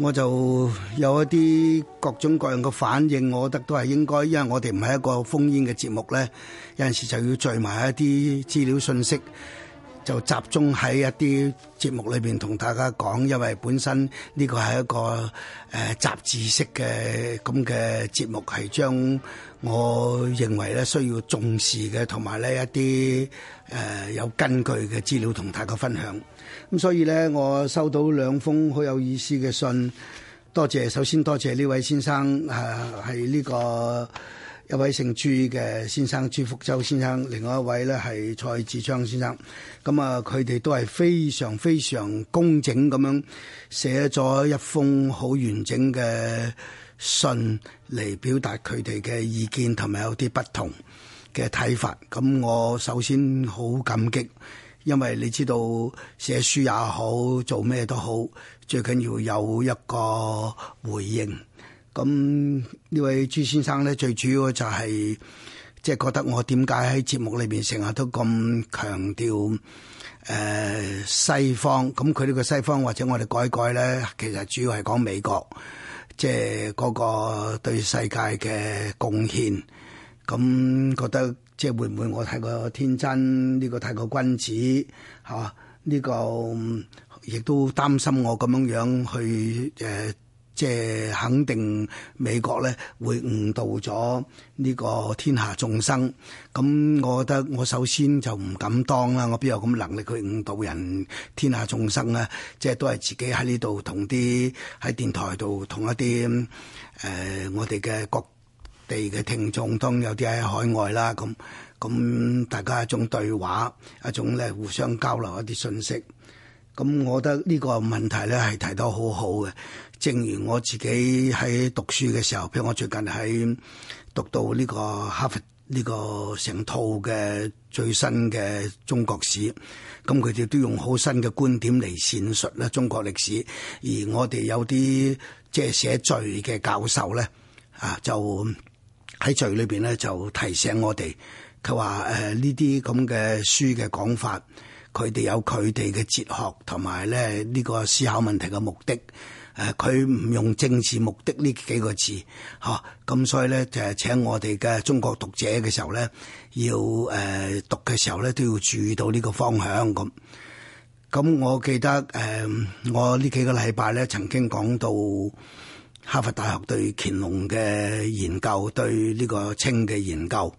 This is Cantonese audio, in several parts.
我就有一啲各種各樣嘅反應，我覺得都係應該，因為我哋唔係一個封煙嘅節目咧，有陣時就要聚埋一啲資料信息，就集中喺一啲節目裏面同大家講。因為本身呢個係一個誒、呃、雜誌式嘅咁嘅節目，係將我認為咧需要重視嘅，同埋呢一啲、呃、有根據嘅資料同大家分享。咁所以咧，我收到兩封好有意思嘅信，多謝，首先多謝呢位先生，係呢個一位姓朱嘅先生朱福洲先生，另外一位咧係蔡志昌先生。咁啊，佢哋都係非常非常工整咁樣寫咗一封好完整嘅信嚟，表達佢哋嘅意見同埋有啲不同嘅睇法。咁我首先好感激。因為你知道寫書也好，做咩都好，最緊要有一個回應。咁呢位朱先生咧，最主要就係即係覺得我點解喺節目裏邊成日都咁強調誒、呃、西方？咁佢呢個西方或者我哋改改咧，其實主要係講美國，即係嗰個對世界嘅貢獻。咁覺得。即係會唔會我太過天真？呢個太過君子嚇？呢個亦都擔心我咁樣去誒、呃，即係肯定美國咧會誤導咗呢個天下眾生。咁我覺得我首先就唔敢當啦。我邊有咁能力去誤導人天下眾生咧？即係都係自己喺呢度同啲喺電台度同一啲誒、呃，我哋嘅國地嘅聽眾當有啲喺海外啦，咁咁大家一種對話一種咧互相交流一啲信息。咁我覺得呢個問題咧係提得好好嘅。正如我自己喺讀書嘅時候，譬如，我最近喺讀到呢個哈佛呢個成套嘅最新嘅中國史，咁佢哋都用好新嘅觀點嚟闡述咧中國歷史。而我哋有啲即係寫序嘅教授咧，啊就～喺序裏邊咧就提醒我哋，佢話誒呢啲咁嘅書嘅講法，佢哋有佢哋嘅哲學同埋咧呢、這個思考問題嘅目的。誒、呃，佢唔用政治目的呢幾個字，吓咁所以咧就請我哋嘅中國讀者嘅時候咧，要誒、呃、讀嘅時候咧都要注意到呢個方向咁。咁我記得誒、呃，我呢幾個禮拜咧曾經講到。哈佛大學對乾隆嘅研究，對呢個清嘅研究，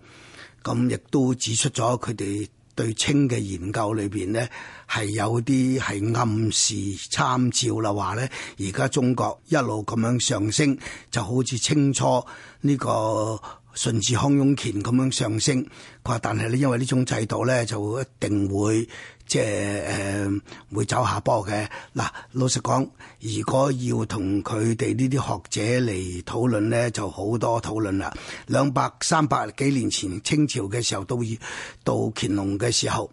咁亦都指出咗佢哋對清嘅研究裏面咧，係有啲係暗示參照啦話咧。而家中國一路咁樣上升，就好似清初呢個順治康雍乾咁樣上升。佢話，但係咧，因為呢種制度咧，就一定會。即係誒、呃、會走下坡嘅嗱，老實講，如果要同佢哋呢啲學者嚟討論咧，就好多討論啦。兩百、三百幾年前清朝嘅時候，到到乾隆嘅時候。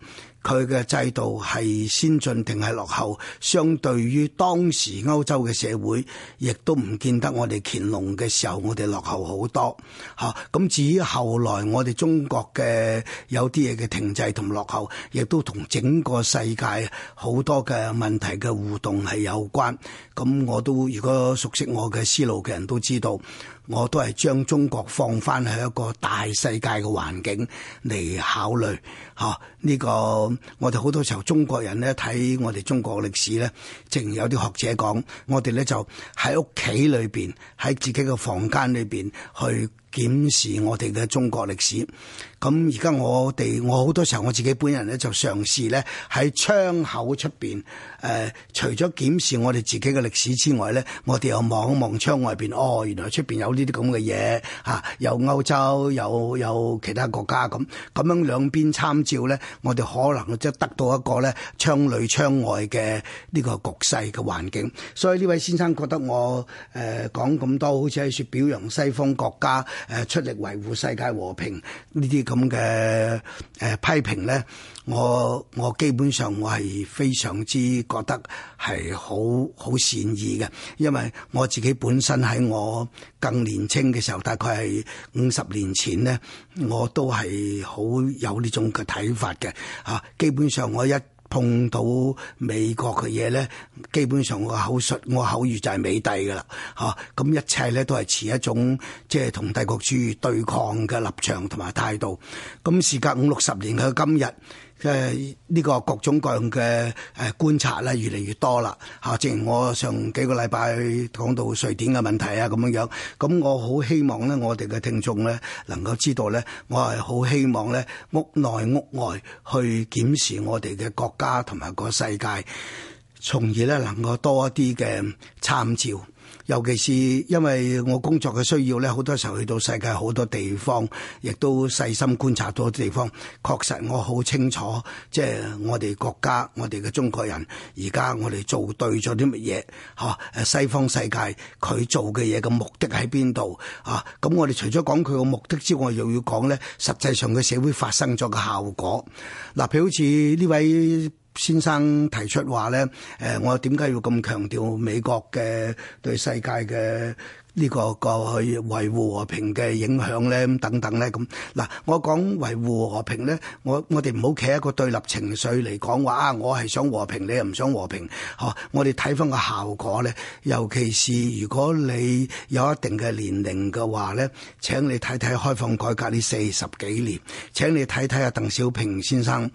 佢嘅制度係先進定係落後，相對於當時歐洲嘅社會亦都唔見得我哋乾隆嘅時候我哋落後好多吓，咁至於後來我哋中國嘅有啲嘢嘅停滯同落後亦都同整個世界好多嘅問題嘅互動係有關，咁我都如果熟悉我嘅思路嘅人都知道。我都係將中國放翻去一個大世界嘅環境嚟考慮，呢、啊這個我哋好多時候中國人咧睇我哋中國歷史咧，正如有啲學者講，我哋咧就喺屋企裏面，喺自己嘅房間裏面去，檢視我哋嘅中國歷史，咁而家我哋我好多時候我自己本人咧就嘗試咧喺窗口出面。誒、呃，除咗檢視我哋自己嘅歷史之外咧，我哋又望一望窗外邊，哦，原來出面有呢啲咁嘅嘢，有歐洲，有有其他國家咁，咁樣，咁樣兩邊參照咧，我哋可能即係得到一個咧窗裏窗外嘅呢個局勢嘅環境。所以呢位先生覺得我誒、呃、講咁多好似係說表揚西方國家。誒，出力維護世界和平呢啲咁嘅誒，批評咧，我我基本上我係非常之覺得係好好善意嘅，因為我自己本身喺我更年青嘅時候，大概係五十年前咧，我都係好有呢種嘅睇法嘅。啊，基本上我一碰到美國嘅嘢咧，基本上我口述我口語就係美帝㗎喇，嚇，咁一切咧都係持一種即係同帝國主義對抗嘅立場同埋態度。咁時隔五六十年嘅今日。即係呢個各種各樣嘅誒觀察咧，越嚟越多啦。吓，正如我上幾個禮拜講到瑞典嘅問題啊，咁樣樣。咁我好希望咧，我哋嘅聽眾咧，能夠知道咧，我係好希望咧，屋內屋外去檢視我哋嘅國家同埋個世界，從而咧能夠多一啲嘅參照。尤其是因為我工作嘅需要咧，好多時候去到世界好多地方，亦都細心觀察到的地方，確實我好清楚，即係我哋國家、我哋嘅中國人，而家我哋做對咗啲乜嘢吓，誒西方世界佢做嘅嘢嘅目的喺邊度啊？咁我哋除咗講佢嘅目的之外，又要講咧實際上嘅社會發生咗嘅效果。嗱，譬如好似呢位。先生提出話咧，誒，我點解要咁強調美國嘅對世界嘅呢個過去維護和平嘅影響咧？咁等等咧咁。嗱，我講維護和平咧，我我哋唔好企一個對立情緒嚟講話啊！我係想和平，你又唔想和平？嗬，我哋睇翻個效果咧，尤其是如果你有一定嘅年齡嘅話咧，請你睇睇開放改革呢四十幾年，請你睇睇啊，鄧小平先生。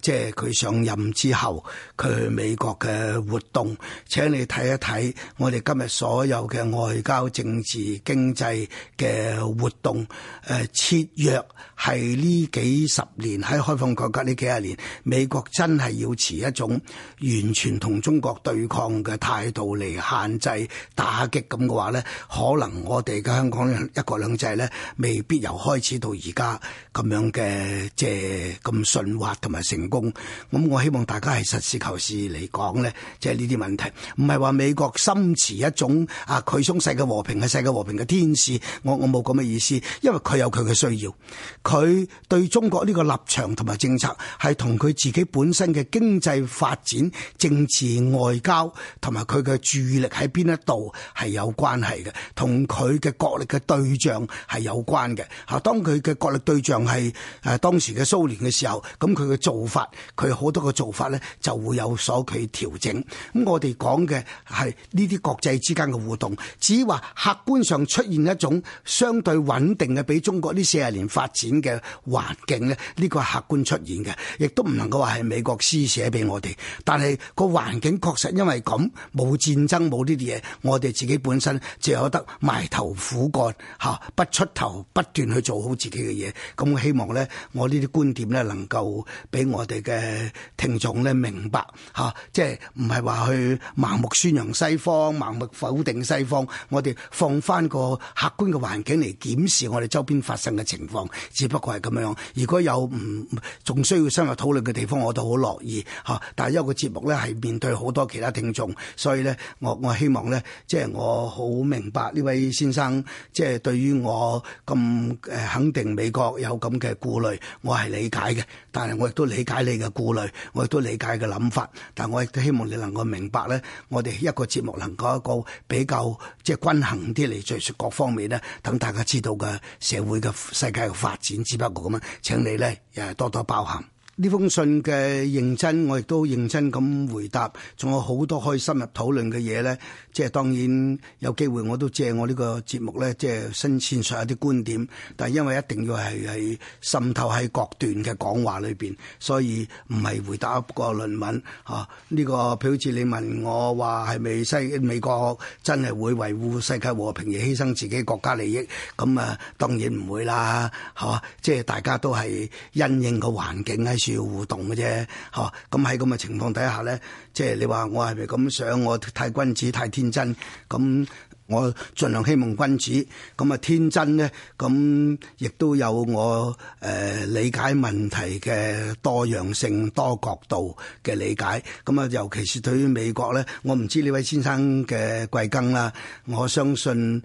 即係佢上任之後，佢美國嘅活動，請你睇一睇我哋今日所有嘅外交、政治、經濟嘅活動誒切、呃、約係呢幾十年喺開放改革呢幾十年，美國真係要持一種完全同中國對抗嘅態度嚟限制、打擊咁嘅話咧，可能我哋嘅香港一國兩制咧，未必由開始到而家咁樣嘅即係咁順滑同埋成。工咁，我希望大家係實事求是來呢、就是嚟講咧，即係呢啲問題，唔係話美國心持一種啊，佢想世界和平係世界和平嘅天使，我我冇咁嘅意思，因為佢有佢嘅需要，佢對中國呢個立場同埋政策係同佢自己本身嘅經濟發展、政治外交同埋佢嘅注意力喺邊一度係有關係嘅，同佢嘅角力嘅對象係有關嘅。吓，當佢嘅角力對象係誒、啊、當時嘅蘇聯嘅時候，咁佢嘅做。法佢好多嘅做法咧，就會有所佢調整。咁我哋講嘅係呢啲國際之間嘅互動，只話客觀上出現一種相對穩定嘅，俾中國呢四十年發展嘅環境咧，呢個客觀出現嘅，亦都唔能夠話係美國施捨俾我哋。但係個環境確實因為咁冇戰爭冇呢啲嘢，我哋自己本身就有得埋頭苦幹吓不出頭不斷去做好自己嘅嘢。咁我希望咧，我呢啲觀點咧能夠俾我。我哋嘅聽眾咧明白吓，即係唔係話去盲目宣揚西方、盲目否定西方。我哋放翻個客觀嘅環境嚟檢視我哋周邊發生嘅情況，只不過係咁樣，如果有唔仲需要深入討論嘅地方，我都好樂意吓，但係一個節目咧，係面對好多其他聽眾，所以咧，我我希望咧，即係我好明白呢位先生，即係對於我咁誒肯定美國有咁嘅顧慮，我係理解嘅。但係我亦都理解。解你嘅顧慮，我亦都理解嘅諗法，但我亦都希望你能夠明白咧，我哋一個節目能夠一個比較即係均衡啲嚟敘述各方面咧，等大家知道嘅社會嘅世界嘅發展，只不過咁樣，請你咧誒多多包涵。呢封信嘅認真，我亦都認真咁回答，仲有好多可以深入討論嘅嘢咧。即係當然有機會我都借我呢個節目咧，即係新鮮上一啲觀點，但係因為一定要係係滲透喺各段嘅講話裏邊，所以唔係回答個論文嚇。呢、啊，這個譬如好似你問我話係咪西美國真係會維護世界和平而犧牲自己國家利益？咁、嗯、啊，當然唔會啦，吓、啊，即係大家都係因應個環境喺。要互動嘅啫，嚇！咁喺咁嘅情況底下咧，即係你話我係咪咁想？我太君子，太天真。咁我盡量希望君子。咁啊天真咧，咁亦都有我誒理解問題嘅多樣性，多角度嘅理解。咁啊，尤其是對於美國咧，我唔知呢位先生嘅貴庚啦。我相信。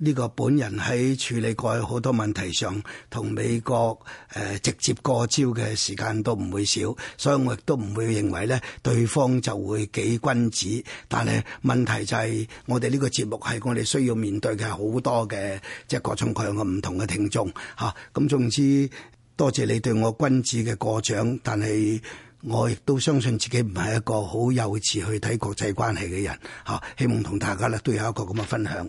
呢、這個本人喺處理過好多問題上，同美國誒直接過招嘅時間都唔會少，所以我亦都唔會認為咧對方就會幾君子。但係問題就係，我哋呢個節目係我哋需要面對嘅好多嘅即係各種各樣嘅唔同嘅聽眾咁、啊、總之，多謝你對我君子嘅過獎，但係我亦都相信自己唔係一個好幼稚去睇國際關係嘅人，啊、希望同大家咧都有一個咁嘅分享。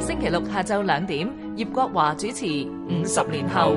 星期六下晝兩點，葉國華主持《五十年後》。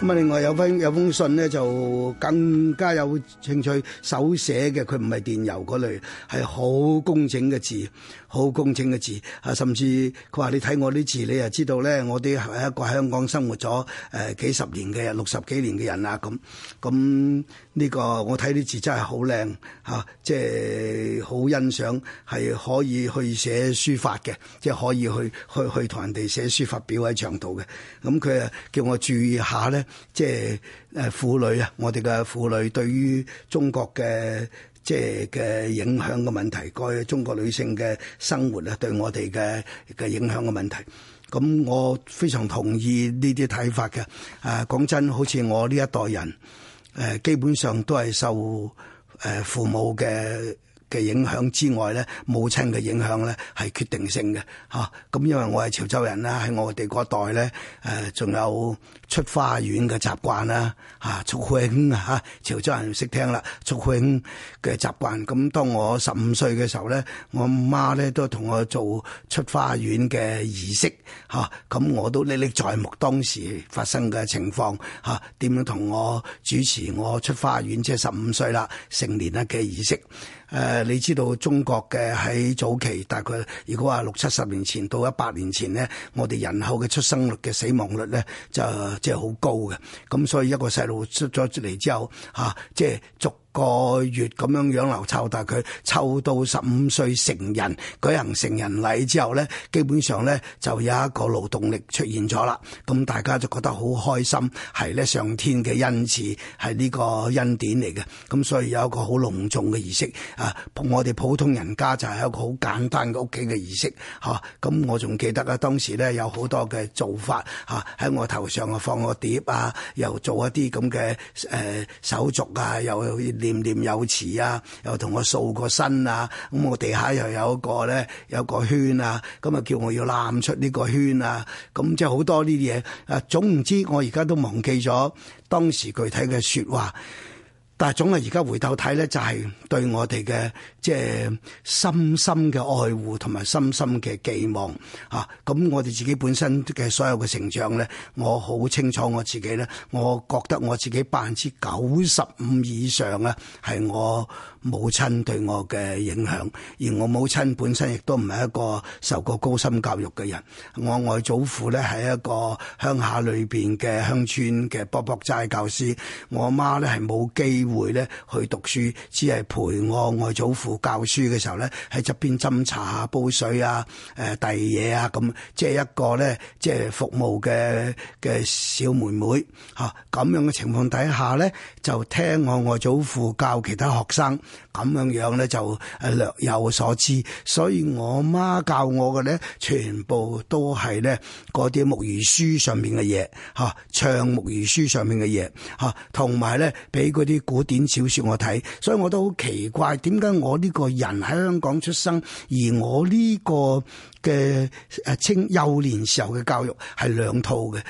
咁啊，另外有封有封信咧，就更加有興趣，手寫嘅，佢唔係電郵嗰類，係好工整嘅字。好工整嘅字啊！甚至佢話：你睇我啲字，你就知道咧，我啲係一個香港生活咗誒幾十年嘅人六十幾年嘅人啦。咁咁呢個我睇啲字真係好靚嚇，即係好欣賞，係可以去寫書法嘅，即係可以去去去同人哋寫書發表喺長度嘅。咁佢啊叫我注意下咧，即係誒婦女啊！我哋嘅婦女對於中國嘅。即係嘅影響嘅問題，該中國女性嘅生活咧，對我哋嘅嘅影響嘅問題，咁我非常同意呢啲睇法嘅。誒、啊，講真，好似我呢一代人，誒、啊，基本上都係受誒父母嘅嘅影響之外咧，母親嘅影響咧係決定性嘅嚇。咁、啊、因為我係潮州人啦，喺我哋嗰代咧誒，仲、呃、有出花園嘅習慣啦嚇，祝永嚇潮州人識聽啦，祝永嘅習慣。咁、啊啊啊啊、當我十五歲嘅時候咧，我阿媽咧都同我做出花園嘅儀式嚇。咁、啊、我都歷歷在目當時發生嘅情況嚇，點、啊、樣同我主持我出花園即係十五歲啦成年啦嘅儀式。誒、呃，你知道中國嘅喺早期，大概如果話六七十年前到一百年前呢，我哋人口嘅出生率嘅死亡率呢，就即係好高嘅，咁所以一個細路出咗出嚟之後，即、嚇、係、就是、逐個月咁樣養流臭，但係佢抽到十五歲成人，舉行成人禮之後咧，基本上咧就有一個勞動力出現咗啦。咁大家就覺得好開心，係咧上天嘅恩賜，係呢個恩典嚟嘅。咁所以有一個好隆重嘅儀式啊，我哋普通人家就係一個好簡單嘅屋企嘅儀式。吓，咁我仲記得啊，當時咧有好多嘅做法吓，喺我頭上啊放個碟啊，又做一啲咁嘅誒手續啊，又念念有詞啊，又同我掃個身啊，咁，我地下又有一個咧，有個圈啊，咁啊叫我要攬出呢個圈啊，咁即係好多呢啲嘢，誒，總唔知我而家都忘記咗當時具體嘅說話，但係總係而家回頭睇咧，就係對我哋嘅。即係深深嘅愛護同埋深深嘅寄望啊，咁我哋自己本身嘅所有嘅成長咧，我好清楚我自己咧，我覺得我自己百分之九十五以上咧係我母親對我嘅影響，而我母親本身亦都唔係一個受過高深教育嘅人，我外祖父咧係一個鄉下裏邊嘅鄉村嘅卜卜齋教師，我媽咧係冇機會咧去讀書，只係陪我外祖父。教書嘅時候咧，喺側邊斟茶啊、煲水啊、誒遞嘢啊，咁即係一個咧，即係服務嘅嘅小妹妹吓。咁樣嘅情況底下咧，就聽我外祖父教其他學生，咁樣樣咧就誒略有所知。所以我媽教我嘅咧，全部都係咧啲木魚書上面嘅嘢吓，唱木魚書上面嘅嘢吓，同埋咧俾啲古典小說我睇。所以我都好奇怪，點解我？呢個人喺香港出生，而我呢個。嘅誒青幼年時候嘅教育係兩套嘅，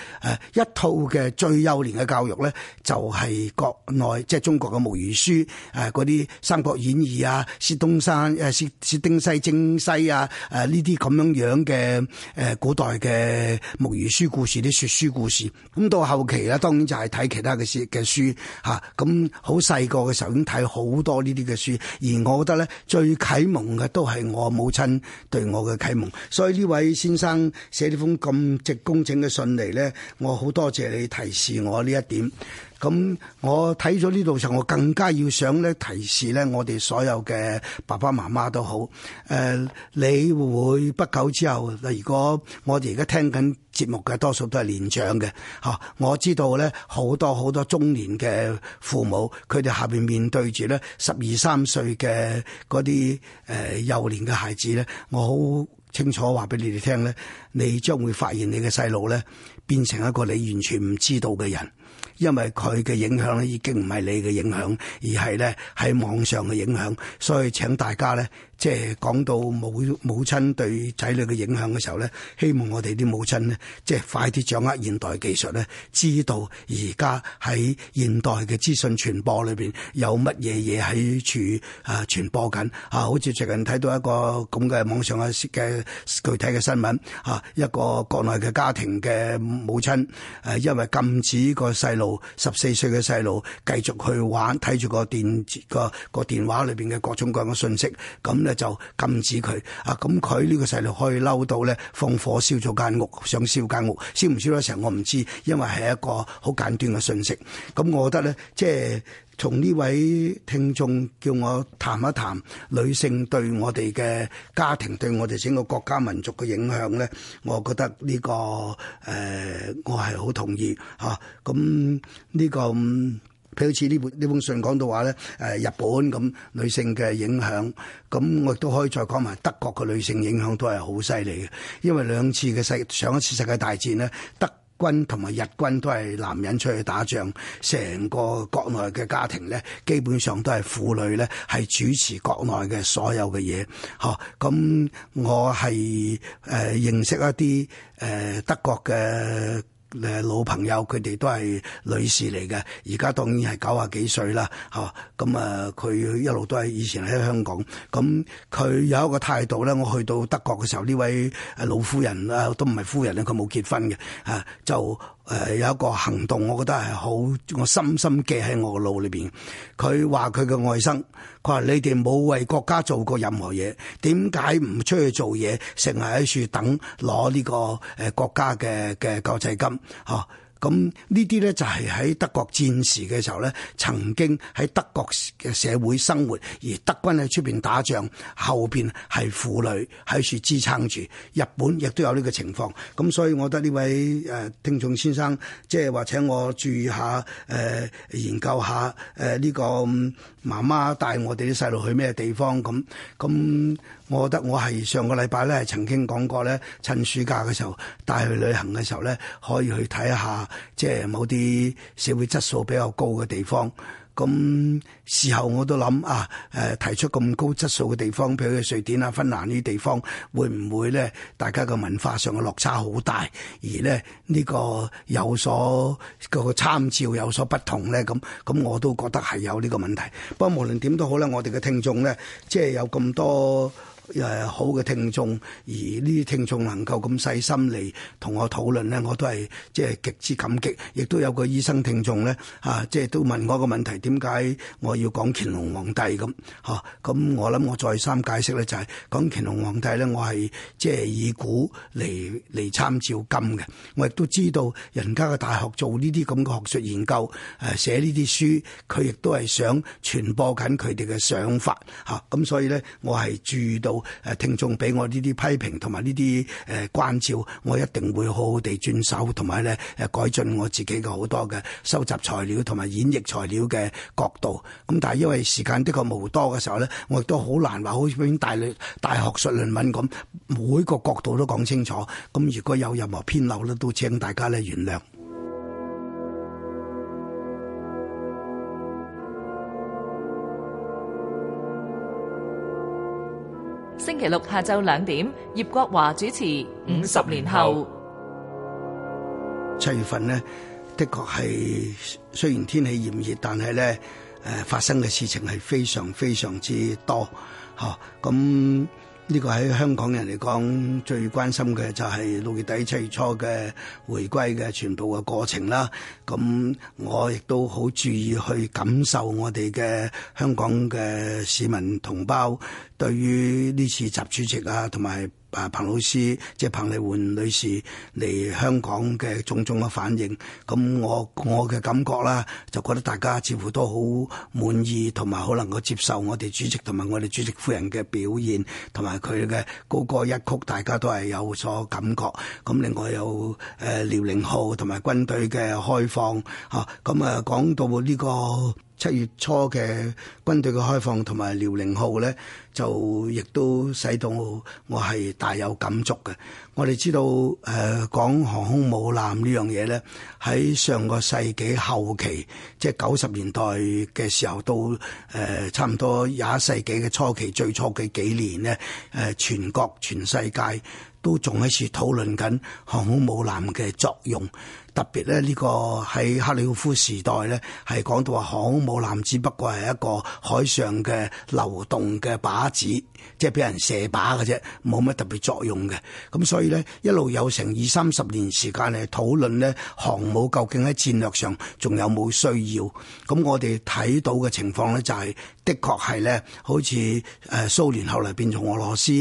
誒一套嘅最幼年嘅教育咧就係國內，即係中國嘅木魚書誒嗰啲《三國演義》啊，《薛東山》誒《薛薛丁西征西》啊，誒呢啲咁樣樣嘅誒古代嘅木魚書故事、啲說書故事。咁到後期咧，當然就係睇其他嘅書嘅書吓，咁好細個嘅時候已經睇好多呢啲嘅書，而我覺得咧最啟蒙嘅都係我母親對我嘅啟蒙。所以呢位先生寫呢封咁直工整嘅信嚟咧，我好多謝你提示我呢一點。咁我睇咗呢度時候，我更加要想咧提示咧我哋所有嘅爸爸媽媽都好。誒、呃，你會唔會不久之後。如果我哋而家聽緊節目嘅多數都係年長嘅吓，我知道咧好多好多中年嘅父母，佢哋下邊面對住咧十二三歲嘅嗰啲誒幼年嘅孩子咧，我好。清楚話俾你哋聽咧，你將會發現你嘅細路咧變成一個你完全唔知道嘅人，因為佢嘅影響咧已經唔係你嘅影響，而係咧喺網上嘅影響，所以請大家咧。即係講到母母親對仔女嘅影響嘅時候咧，希望我哋啲母親咧，即係快啲掌握現代技術咧，知道而家喺現代嘅資訊傳播裏邊有乜嘢嘢喺處啊傳播緊啊！好似最近睇到一個咁嘅網上嘅嘅具體嘅新聞啊，一個國內嘅家庭嘅母親誒，因為禁止個細路十四歲嘅細路繼續去玩睇住個電個個電話裏邊嘅各種各樣嘅信息咁咧。就禁止佢啊，咁佢呢個細路可以嬲到咧，放火燒咗間屋，想燒間屋，燒唔燒得成我唔知，因為係一個好簡短嘅信息。咁我覺得咧，即係從呢位聽眾叫我談一談女性對我哋嘅家庭、對我哋整個國家民族嘅影響咧，我覺得呢個誒，我係好同意吓。咁呢個。好似呢本呢封信講到話咧，誒日本咁女性嘅影響，咁我亦都可以再講埋德國嘅女性影響都係好犀利嘅，因為兩次嘅世上一次世界大戰咧，德軍同埋日軍都係男人出去打仗，成個國內嘅家庭咧，基本上都係婦女咧係主持國內嘅所有嘅嘢，吓，咁我係誒認識一啲誒德國嘅。誒，老朋友佢哋都係女士嚟嘅，而家當然係九啊幾歲啦，嚇，咁啊佢一路都係以前喺香港，咁佢有一個態度咧，我去到德國嘅時候，呢位老夫人啊都唔係夫人咧，佢冇結婚嘅嚇就。誒、呃、有一個行動，我覺得係好，我深深記喺我個腦裏邊。佢話佢嘅外甥，佢話你哋冇為國家做過任何嘢，點解唔出去做嘢，成日喺處等攞呢個誒國家嘅嘅救濟金？嚇！咁呢啲咧就係喺德國戰時嘅時候咧，曾經喺德國嘅社會生活，而德軍喺出邊打仗，後邊係婦女喺處支撐住。日本亦都有呢個情況。咁所以我覺得呢位誒聽眾先生，即係話請我注意下，誒、呃、研究下誒呢個媽媽帶我哋啲細路去咩地方咁。咁我覺得我係上個禮拜咧，曾經講過咧，趁暑假嘅時候帶佢去旅行嘅時候咧，可以去睇一下。即係某啲社會質素比較高嘅地方，咁事後我都諗啊，誒、呃、提出咁高質素嘅地方，譬如瑞典啊、芬蘭呢啲地方，會唔會咧？大家嘅文化上嘅落差好大，而咧呢、呢個有所、呢個參照有所不同咧？咁咁我都覺得係有呢個問題。不過無論點都好啦，我哋嘅聽眾咧，即係有咁多。誒好嘅聽眾，而呢啲聽眾能夠咁細心嚟，同我討論咧，我都係即係極之感激。亦都有個醫生聽眾咧，啊，即係都問我個問題，點解我要講乾隆皇帝咁？吓，咁我諗我再三解釋咧，就係講乾隆皇帝咧，我係即係以古嚟嚟參照今嘅。我亦都知道，人家嘅大學做呢啲咁嘅學術研究，誒寫呢啲書，佢亦都係想傳播緊佢哋嘅想法吓，咁所以咧，我係注意到。誒，聽眾俾我呢啲批評同埋呢啲誒關照，我一定會好好地遵守，同埋咧誒改進我自己嘅好多嘅收集材料同埋演繹材料嘅角度。咁但係因為時間的確冇多嘅時候咧，我亦都好難話好似篇大論大學術論文咁，每個角度都講清楚。咁如果有任何偏漏咧，都請大家咧原諒。星期六下晝兩點，葉國華主持《五十年後》。七月份呢，的確係雖然天氣炎熱，但係咧，誒，發生嘅事情係非常非常之多，吓咁。呢、這個喺香港人嚟講最關心嘅就係六月底七月初嘅回歸嘅全部嘅過程啦。咁我亦都好注意去感受我哋嘅香港嘅市民同胞對於呢次習主席啊同埋，還有啊！彭老師，即係彭麗媛女士嚟香港嘅種種嘅反應，咁我我嘅感覺啦，就覺得大家似乎都好滿意，同埋好能夠接受我哋主席同埋我哋主席夫人嘅表現，同埋佢嘅高歌一曲，大家都係有所感覺。咁另外有誒遼、呃、寧號同埋軍隊嘅開放嚇，咁啊講到呢、呢個。七月初嘅軍隊嘅開放同埋遼寧號咧，就亦都使到我係大有感觸嘅。我哋知道誒，講、呃、航空母艦這呢樣嘢咧，喺上個世紀後期，即係九十年代嘅時候，到誒、呃、差唔多廿一世紀嘅初期最初嘅幾年咧、呃，全國全世界都仲喺處討論緊航空母艦嘅作用。特別咧，呢個喺克里夫時代咧，係講到話航母艦只不過係一個海上嘅流動嘅靶子，即係俾人射靶嘅啫，冇乜特別作用嘅。咁所以咧，一路有成二三十年時間嚟討論咧，航母究竟喺戰略上仲有冇需要？咁我哋睇到嘅情況咧，就係、是、的確係咧，好似誒蘇聯後嚟變咗俄羅斯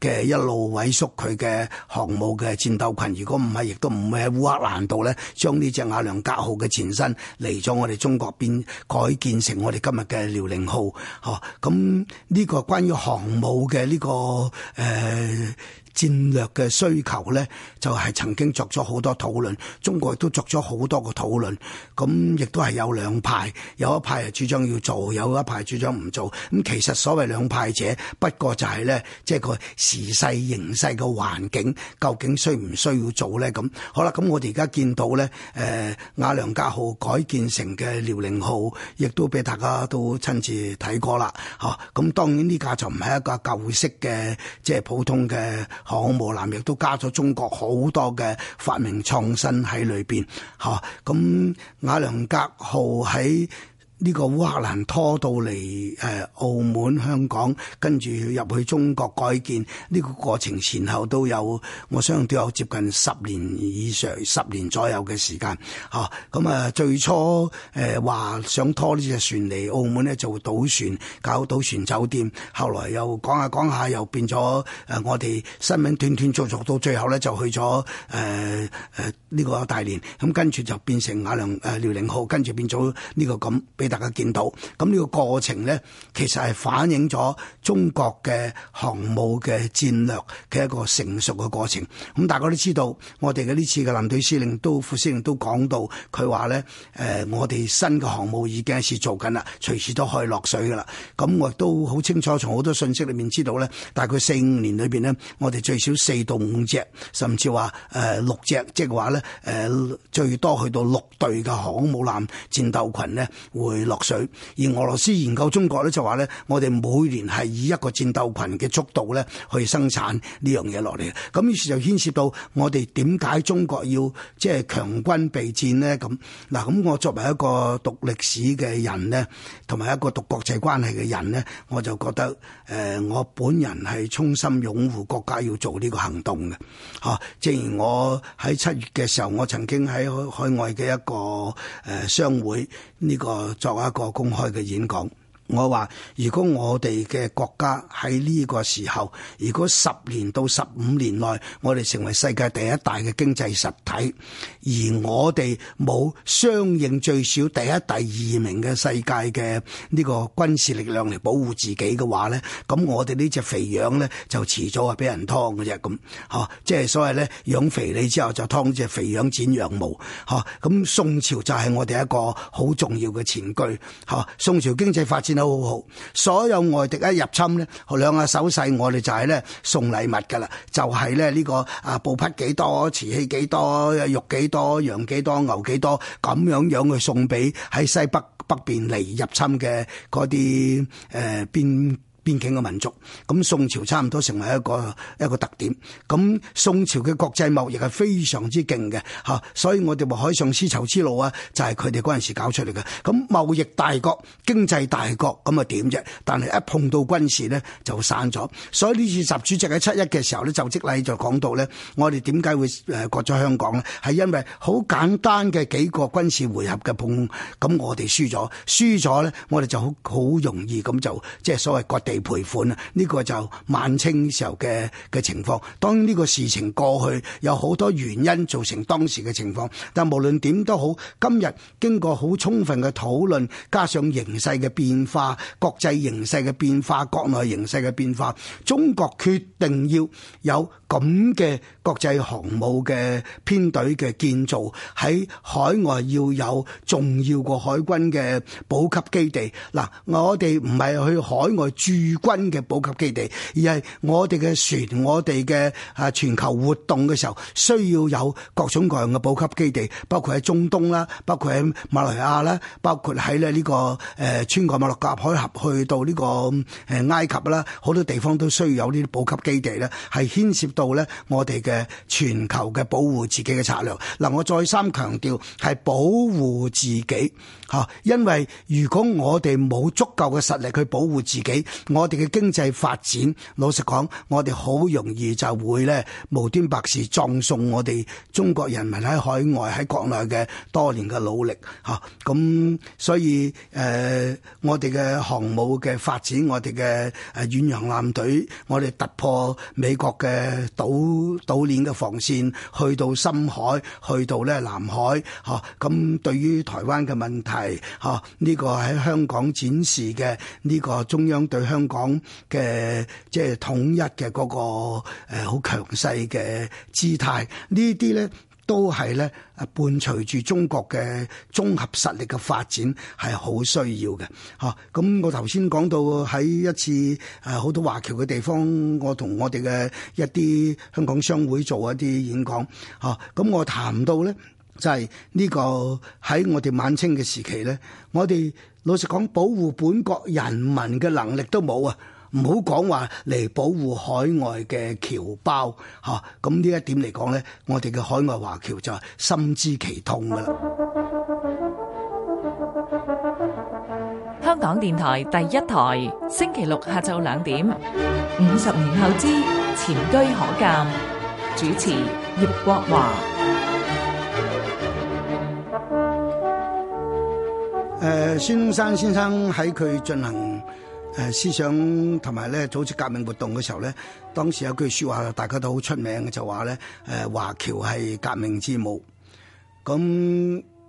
嘅一路萎縮佢嘅航母嘅戰鬥群，如果唔係亦都唔會喺烏克蘭度咧。將呢隻瓦良格號嘅前身嚟咗我哋中國，變改建成我哋今日嘅遼寧號。嗬、啊，咁呢個關於航母嘅呢、這個誒。呃戰略嘅需求咧，就係曾經作咗好多討論，中國亦都作咗好多個討論，咁亦都係有兩派，有一派係主張要做，有一派主張唔做。咁其實所謂兩派者，不過就係咧，即係個時勢、形勢個環境，究竟需唔需要做咧？咁好啦，咁我哋而家見到咧，誒瓦良格號改建成嘅遼寧號，亦都俾大家都親自睇過啦，嚇。咁當然呢架就唔係一架舊式嘅，即係普通嘅。航空母艦亦都加咗中國好多嘅發明創新喺裏邊吓，咁瓦良格號喺。呢個烏克蘭拖到嚟誒澳門香港，跟住入去中國改建呢個過程，前後都有，我相信都有接近十年以上、十年左右嘅時間吓，咁啊，最初誒話想拖呢隻船嚟澳門咧，做賭船，搞賭船酒店。後來又講下講下，又變咗誒我哋新聞斷斷續續，到最後咧就去咗誒誒呢個大連，咁跟住就變成亞良誒遼寧號，跟住變咗呢個咁。大家見到咁呢個過程咧，其實係反映咗中國嘅航母嘅戰略嘅一個成熟嘅過程。咁、嗯、大家都知道，我哋嘅呢次嘅艦隊司令都副司令都講到，佢話咧誒，我哋新嘅航母已經係做緊啦，隨時都可以落水噶啦。咁我都好清楚，從好多信息裏面知道咧，大概四五年裏邊呢，我哋最少四到五隻，甚至話誒、呃、六隻，即係話咧誒最多去到六隊嘅航母艦戰鬥群呢。會。落水，而俄羅斯研究中國咧就話咧，我哋每年係以一個戰鬥群嘅速度咧去生產呢樣嘢落嚟。咁於是就牽涉到我哋點解中國要即係強軍備戰呢？咁嗱，咁我作為一個讀歷史嘅人呢，同埋一個讀國際關係嘅人呢，我就覺得誒，我本人係衷心擁護國家要做呢個行動嘅。吓，正如我喺七月嘅時候，我曾經喺海外嘅一個誒商會呢，這個。作一個公開嘅演講。我話如果我哋嘅國家喺呢個時候，如果十年到十五年內，我哋成為世界第一大嘅經濟實體，而我哋冇相應最少第一、第二名嘅世界嘅呢個軍事力量嚟保護自己嘅話咧，咁我哋呢隻肥羊咧就遲早係俾人劏嘅啫咁，吓、啊，即係所謂咧養肥你之後就劏隻肥羊剪羊毛，吓、啊，咁宋朝就係我哋一個好重要嘅前句，吓、啊，宋朝經濟發展。都好好，所有外敵一入侵咧，兩個手勢我哋就係咧送禮物噶啦，就係咧呢個啊布匹幾多，瓷器幾多，肉幾多，羊幾多，牛幾多，咁樣樣去送俾喺西北北邊嚟入侵嘅嗰啲誒邊。邊境嘅民族，咁宋朝差唔多成為一個一個特點。咁宋朝嘅國際貿易係非常之勁嘅，吓，所以我哋話海上絲綢之路啊，就係佢哋嗰陣時搞出嚟嘅。咁貿易大國、經濟大國，咁啊點啫？但係一碰到軍事呢，就散咗。所以呢次習主席喺七一嘅時候咧就職禮就講到咧，我哋點解會誒割咗香港呢？係因為好簡單嘅幾個軍事回合嘅碰，咁我哋輸咗，輸咗咧，我哋就好好容易咁就即係、就是、所謂割地。賠款啊！呢個就晚清時候嘅嘅情況。當呢個事情過去有好多原因造成當時嘅情況，但無論點都好，今日經過好充分嘅討論，加上形勢嘅變化、國際形勢嘅變化、國內形勢嘅變化，中國決定要有。咁嘅國際航母嘅編隊嘅建造喺海外要有重要過海軍嘅補給基地。嗱，我哋唔係去海外駐軍嘅補給基地，而係我哋嘅船，我哋嘅啊全球活動嘅時候需要有各種各樣嘅補給基地，包括喺中東啦，包括喺馬來亞啦，包括喺咧呢個誒穿過馬六甲海峽去到呢、這個誒、呃、埃及啦，好多地方都需要有呢啲補給基地咧，係牽涉。到咧我哋嘅全球嘅保護自己嘅策略，嗱，我再三強調，係保護自己吓，因為如果我哋冇足夠嘅實力去保護自己，我哋嘅經濟發展，老實講，我哋好容易就會咧無端白事葬送我哋中國人民喺海外喺國內嘅多年嘅努力吓。咁所以誒、呃，我哋嘅航母嘅發展，我哋嘅誒遠洋艦隊，我哋突破美國嘅。島島鏈嘅防線去到深海，去到咧南海嚇，咁對於台灣嘅問題，嚇，呢個喺香港展示嘅呢、呢個中央對香港嘅即係統一嘅嗰個好強勢嘅姿態，呢啲咧。都係咧，誒，伴隨住中國嘅綜合實力嘅發展係好需要嘅嚇。咁我頭先講到喺一次誒好多華僑嘅地方，我同我哋嘅一啲香港商會做一啲演講嚇。咁我談到咧就係呢個喺我哋晚清嘅時期咧，我哋老實講，保護本國人民嘅能力都冇啊。唔好講話嚟保護海外嘅僑胞嚇，咁呢一點嚟講咧，我哋嘅海外華僑就係心知其痛噶啦。香港電台第一台，星期六下晝兩點，五十年後之前車可鑑，主持葉國華。誒，孫中山先生喺佢進行，誒思想同埋咧，組織革命活動嘅時候咧，當時有句說話大家都好出名嘅，就話咧，誒華僑係革命之母。咁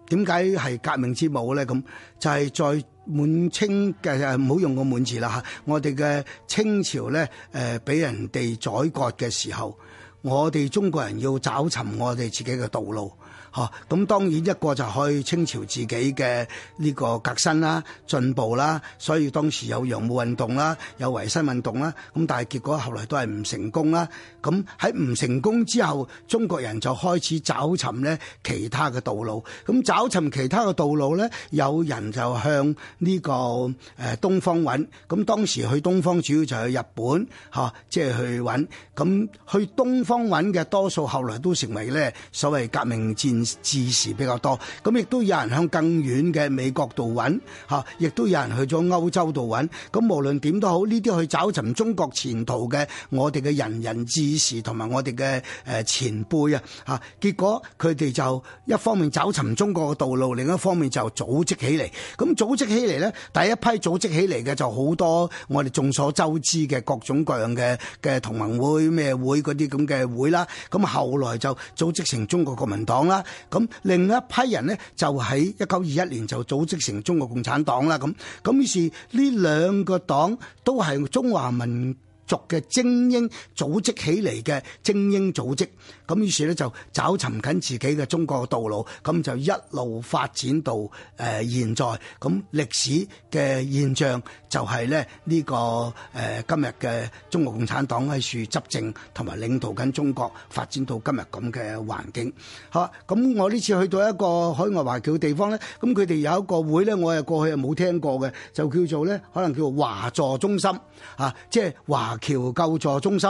點解係革命之母咧？咁就係、是、在滿清嘅，唔好用個滿字啦吓，我哋嘅清朝咧，誒俾人哋宰割嘅時候，我哋中國人要找尋我哋自己嘅道路。吓，咁當然一個就去清朝自己嘅呢個革新啦，進步啦，所以當時有洋務運動啦，有維新運動啦，咁但係結果後來都係唔成功啦。咁喺唔成功之後中國人就開始找尋咧其他嘅道路。咁找尋其他嘅道路咧，有人就向呢個誒東方揾。咁當時去東方主要就去日本，吓，即係去揾。咁去東方揾嘅多數後來都成為咧所謂革命戰志士比較多，咁亦都有人向更遠嘅美國度揾，吓，亦都有人去咗歐洲度揾。咁無論點都好，呢啲去找尋中國前途嘅我哋嘅仁人志士同埋我哋嘅誒前輩啊，吓，結果佢哋就一方面找尋中國嘅道路，另一方面就組織起嚟。咁組織起嚟呢，第一批組織起嚟嘅就好多我哋眾所周知嘅各種各樣嘅嘅同盟會咩會嗰啲咁嘅會啦。咁後來就組織成中國國民黨啦。咁另一批人呢，就喺一九二一年就組織成中國共產黨啦。咁，咁於是呢兩個黨都係中華民族嘅精英組織起嚟嘅精英組織，咁於是咧就找尋緊自己嘅中國道路，咁就一路發展到誒現在。咁歷史嘅現象就係咧呢個誒、呃、今日嘅中國共產黨喺處執政同埋領導緊中國發展到今日咁嘅環境。嚇，咁我呢次去到一個海外華僑嘅地方咧，咁佢哋有一個會咧，我又過去又冇聽過嘅，就叫做咧，可能叫做華座中心。啊，即係華僑救助中心，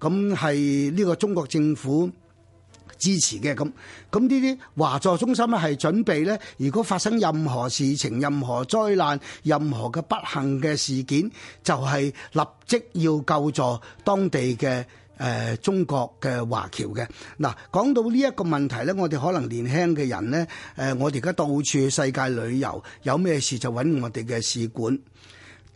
咁係呢個中國政府支持嘅，咁咁呢啲華助中心咧係準備咧，如果發生任何事情、任何災難、任何嘅不幸嘅事件，就係、是、立即要救助當地嘅誒、呃、中國嘅華僑嘅。嗱、啊，講到呢一個問題咧，我哋可能年輕嘅人咧，誒、啊，我哋而家到處世界旅遊，有咩事就搵我哋嘅使館。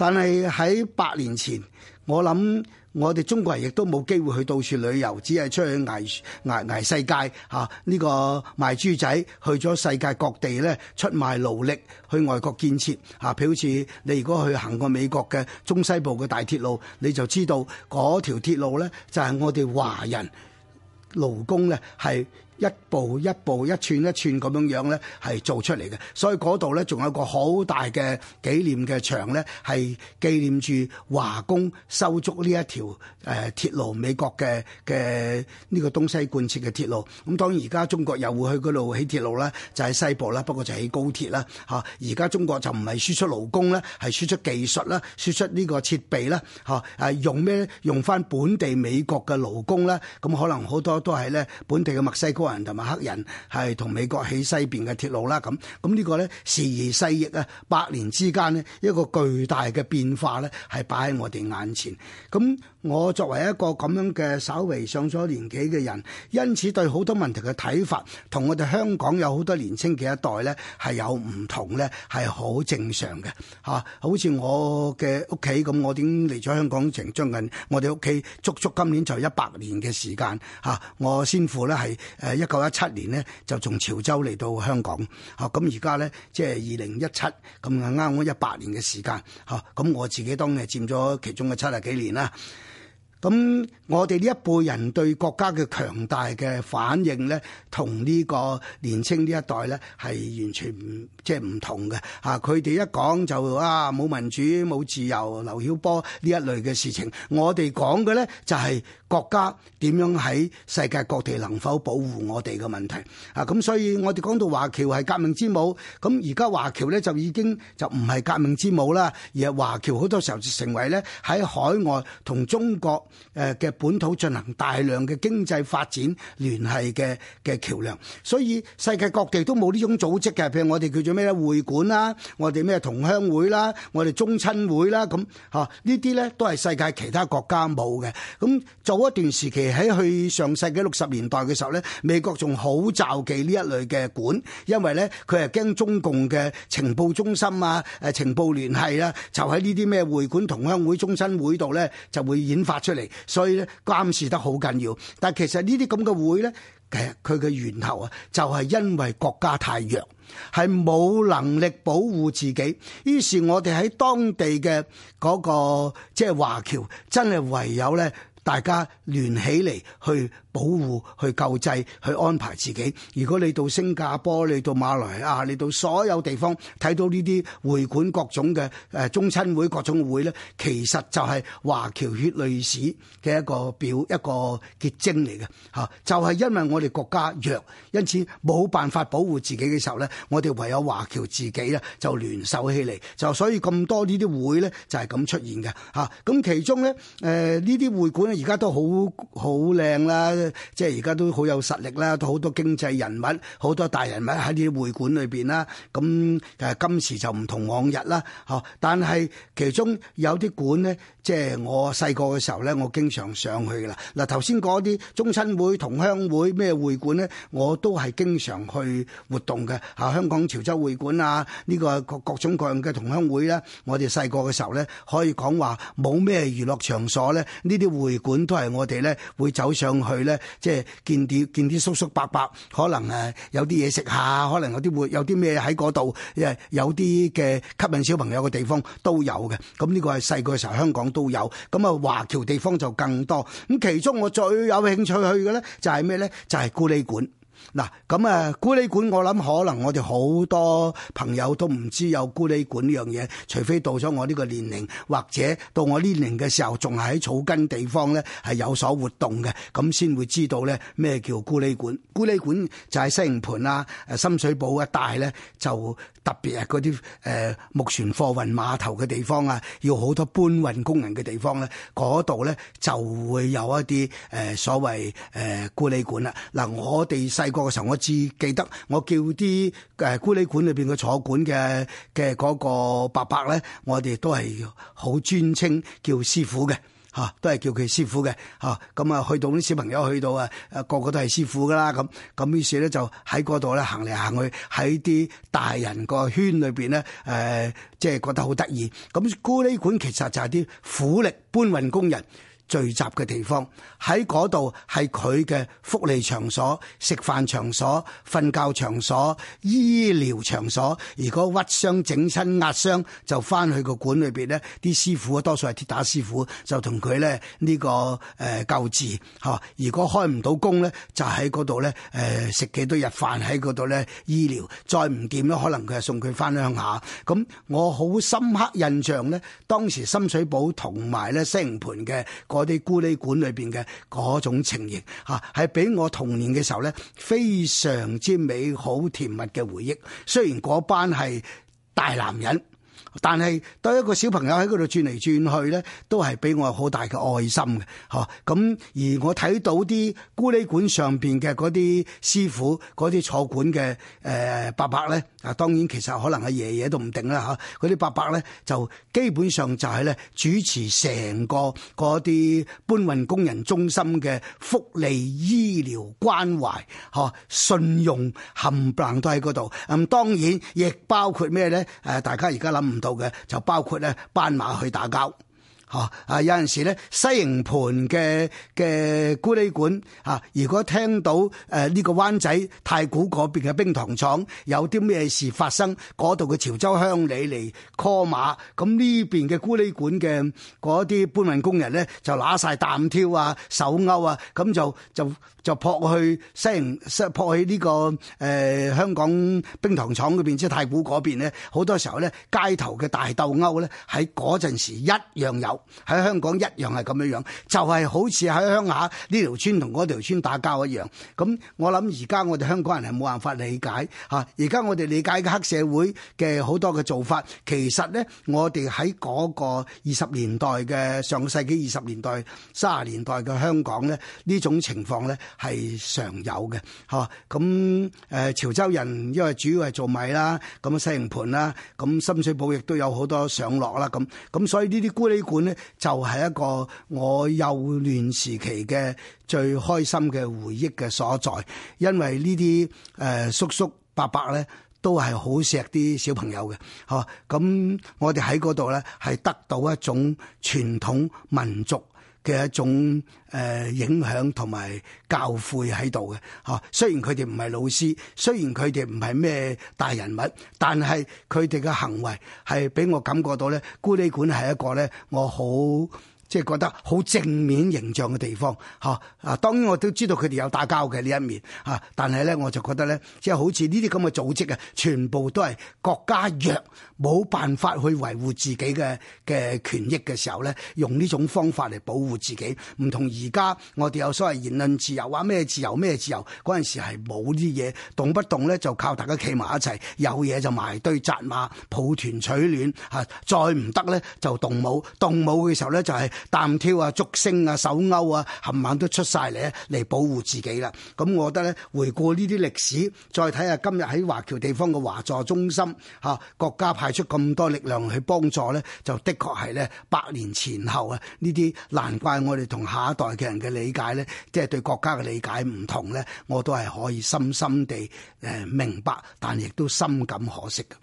但係喺百年前，我諗我哋中國人亦都冇機會去到處旅遊，只係出去捱捱捱世界嚇。呢、啊，這個賣豬仔去咗世界各地呢，出賣勞力去外國建設嚇、啊。譬如好似你如果去行過美國嘅中西部嘅大鐵路，你就知道嗰條鐵路呢，就係、是、我哋華人勞工呢係。是一步一步一寸一寸咁樣樣咧，係做出嚟嘅。所以嗰度咧，仲有個好大嘅紀念嘅牆咧，係紀念住華工修築呢一條誒鐵路，美國嘅嘅呢個東西貫徹嘅鐵路。咁當然而家中國又會去嗰度起鐵路啦，就係西部啦，不過就起高鐵啦。吓，而家中國就唔係輸出勞工咧，係輸出技術啦，輸出呢個設備啦。吓，誒用咩咧？用翻本地美國嘅勞工咧，咁可能好多都係咧本地嘅墨西哥。人同埋黑人係同美國起西邊嘅鐵路啦，咁咁呢個咧時移世易啊，百年之間咧一個巨大嘅變化咧係擺喺我哋眼前。咁我作為一個咁樣嘅稍微上咗年紀嘅人，因此對好多問題嘅睇法同我哋香港有好多年青嘅一代咧係有唔同咧，係好正常嘅吓。好似我嘅屋企咁，我點嚟咗香港成將近我哋屋企足足今年就一百年嘅時間吓，我先父咧係誒。一九一七年呢，就從潮州嚟到香港，咁而家呢，即係二零一七，咁啊啱我一百年嘅時間，咁我自己當然係佔咗其中嘅七十幾年啦。咁我哋呢一輩人對國家嘅強大嘅反應咧，同呢個年青呢一代咧係完全唔即係唔同嘅嚇。佢哋一講就啊，冇民主冇自由，劉曉波呢一類嘅事情。我哋講嘅咧就係國家點樣喺世界各地能否保護我哋嘅問題啊。咁所以我哋講到華僑係革命之母，咁而家華僑咧就已經就唔係革命之母啦，而係華僑好多時候就成為咧喺海外同中國。誒嘅本土進行大量嘅經濟發展聯繫嘅嘅橋梁，所以世界各地都冇呢種組織嘅，譬如我哋叫做咩咧會館啦，我哋咩同鄉會啦，我哋中親會啦，咁嚇呢啲咧都係世界其他國家冇嘅。咁早一段時期喺去上世紀六十年代嘅時候咧，美國仲好罩忌呢一類嘅館，因為咧佢係驚中共嘅情報中心啊、誒情報聯繫啦，就喺呢啲咩會館、同鄉會、中親會度咧就會演化出嚟。所以咧監視得好緊要，但係其實呢啲咁嘅會咧，其實佢嘅源頭啊，就係因為國家太弱，係冇能力保護自己，於是我哋喺當地嘅嗰個即係華僑，真係唯有咧。大家聯起嚟去保護，去救濟，去安排自己。如果你到新加坡，你到馬來亞，你到所有地方睇到呢啲會館，各種嘅誒中親會，各種會咧，其實就係華僑血淚史嘅一個表，一個結晶嚟嘅吓，就係因為我哋國家弱，因此冇辦法保護自己嘅時候咧，我哋唯有華僑自己咧就聯手起嚟，就所以咁多呢啲會咧就係咁出現嘅吓，咁其中咧誒呢啲會館。而家都好好靚啦，即係而家都好有實力啦，都好多經濟人物，好多大人物喺呢啲會館裏邊啦。咁誒，今時就唔同往日啦，吓，但係其中有啲館咧，即係我細個嘅時候咧，我經常上去啦。嗱，頭先講啲中親會同鄉會咩會館咧，我都係經常去活動嘅。吓，香港潮州會館啊，呢個各，各種各樣嘅同鄉會咧，我哋細個嘅時候咧，可以講話冇咩娛樂場所咧，呢啲會館都係我哋咧會走上去咧，即係見啲見啲叔叔伯伯，可能誒有啲嘢食下，可能有啲會有啲咩喺嗰度，誒有啲嘅吸引小朋友嘅地方都有嘅。咁呢個係細個嘅時候香港都有，咁啊華僑地方就更多。咁其中我最有興趣去嘅咧就係咩咧？就係孤里館。嗱，咁啊，咕喱館我諗可能我哋好多朋友都唔知有咕喱館呢樣嘢，除非到咗我呢個年齡，或者到我呢年齡嘅時候仲係喺草根地方咧，係有所活動嘅，咁先會知道咧咩叫咕喱館。咕喱館就係西營盤啦，誒深水埗一帶咧，就特別係嗰啲誒木船貨運碼頭嘅地方啊，要好多搬運工人嘅地方咧，嗰度咧就會有一啲誒、呃、所謂誒咕喱館啦。嗱、呃啊，我哋細。個時候，我只記得我叫啲誒，咕喱館裏邊嘅坐館嘅嘅嗰個伯伯咧，我哋都係好尊稱叫師傅嘅，吓都係叫佢師傅嘅，吓咁啊，去到啲小朋友去到啊，誒個個都係師傅噶啦，咁咁於是咧就喺嗰度咧行嚟行去，喺啲大人個圈裏邊咧，誒即係覺得好得意。咁咕喱館其實就係啲苦力搬運工人，聚集嘅地方，喺嗰度係佢嘅福利場所、食飯場所、瞓覺場所、醫療場所。如果屈傷整親壓傷，就翻去個館裏邊咧，啲師傅啊多數係鐵打師傅，就同佢咧呢個誒、呃、救治。吓、啊。如果開唔到工咧，就喺嗰度咧誒食幾多日飯，喺嗰度咧醫療再唔掂咧，可能佢係送佢翻鄉下。咁我好深刻印象咧，當時深水埗同埋咧西營盤嘅。我哋孤里館裏邊嘅嗰種情形，吓係俾我童年嘅時候咧非常之美好甜蜜嘅回憶。雖然嗰班係大男人。但係對一個小朋友喺度轉嚟轉去咧，都係俾我好大嘅愛心嘅，吓、嗯、咁。而我睇到啲孤里館上邊嘅嗰啲師傅、嗰啲坐館嘅誒伯伯咧，啊，當然其實可能係爺爺都唔定啦，吓，嗰啲伯伯咧就基本上就係咧主持成個嗰啲搬運工人中心嘅福利醫、醫療關懷、吓信用冚唪唥都喺嗰度。咁、嗯、當然亦包括咩咧？誒、啊，大家而家諗唔到嘅就包括咧斑馬去打交啊，有陣時咧西營盤嘅嘅孤里館如果聽到呢個灣仔太古嗰邊嘅冰糖廠有啲咩事發生，嗰度嘅潮州鄉里嚟 call 馬，咁呢邊嘅孤里館嘅嗰啲搬運工人咧就拿晒擔挑啊手勾啊，咁就就，就就撲去西營，撲去呢個誒香港冰糖廠嗰邊，即係太古嗰邊咧，好多時候咧街頭嘅大鬥毆咧，喺嗰陣時一樣有，喺香港一樣係咁樣樣，就係好似喺鄉下呢條村同嗰條村打交一樣。咁我諗而家我哋香港人係冇辦法理解吓，而家我哋理解嘅黑社會嘅好多嘅做法，其實咧我哋喺嗰個二十年代嘅上個世紀二十年代卅年代嘅香港咧呢種情況咧。係常有嘅，咁誒潮州人，因為主要係做米啦，咁西營盤啦，咁深水埗亦都有好多上落啦，咁咁所以呢啲孤里館咧，就係、是、一個我幼嫩時期嘅最開心嘅回憶嘅所在，因為呢啲誒叔叔伯伯咧都係好錫啲小朋友嘅，咁我哋喺嗰度咧係得到一種傳統民族嘅一種誒影響同埋教訓喺度嘅，嚇！雖然佢哋唔係老師，雖然佢哋唔係咩大人物，但係佢哋嘅行為係俾我感覺到咧，孤里館係一個咧，我好。即係覺得好正面形象嘅地方嚇，啊當然我都知道佢哋有打交嘅呢一面，啊，但係咧我就覺得咧，即係好似呢啲咁嘅組織啊，全部都係國家弱，冇辦法去維護自己嘅嘅權益嘅時候咧，用呢種方法嚟保護自己。唔同而家我哋有所謂言論自由啊，咩自由咩自由嗰陣時係冇啲嘢，動不動咧就靠大家企埋一齊，有嘢就埋堆紮馬抱團取暖嚇，再唔得咧就動武，動武嘅時候咧就係。彈跳啊、逐升啊、手勾啊，冚唪唥都出晒嚟嚟保護自己啦。咁我覺得咧，回顧呢啲歷史，再睇下今日喺華僑地方嘅華助中心，國家派出咁多力量去幫助咧，就的確係咧百年前後啊，呢啲難怪我哋同下一代嘅人嘅理解咧，即係對國家嘅理解唔同咧，我都係可以深深地誒明白，但亦都深感可惜嘅。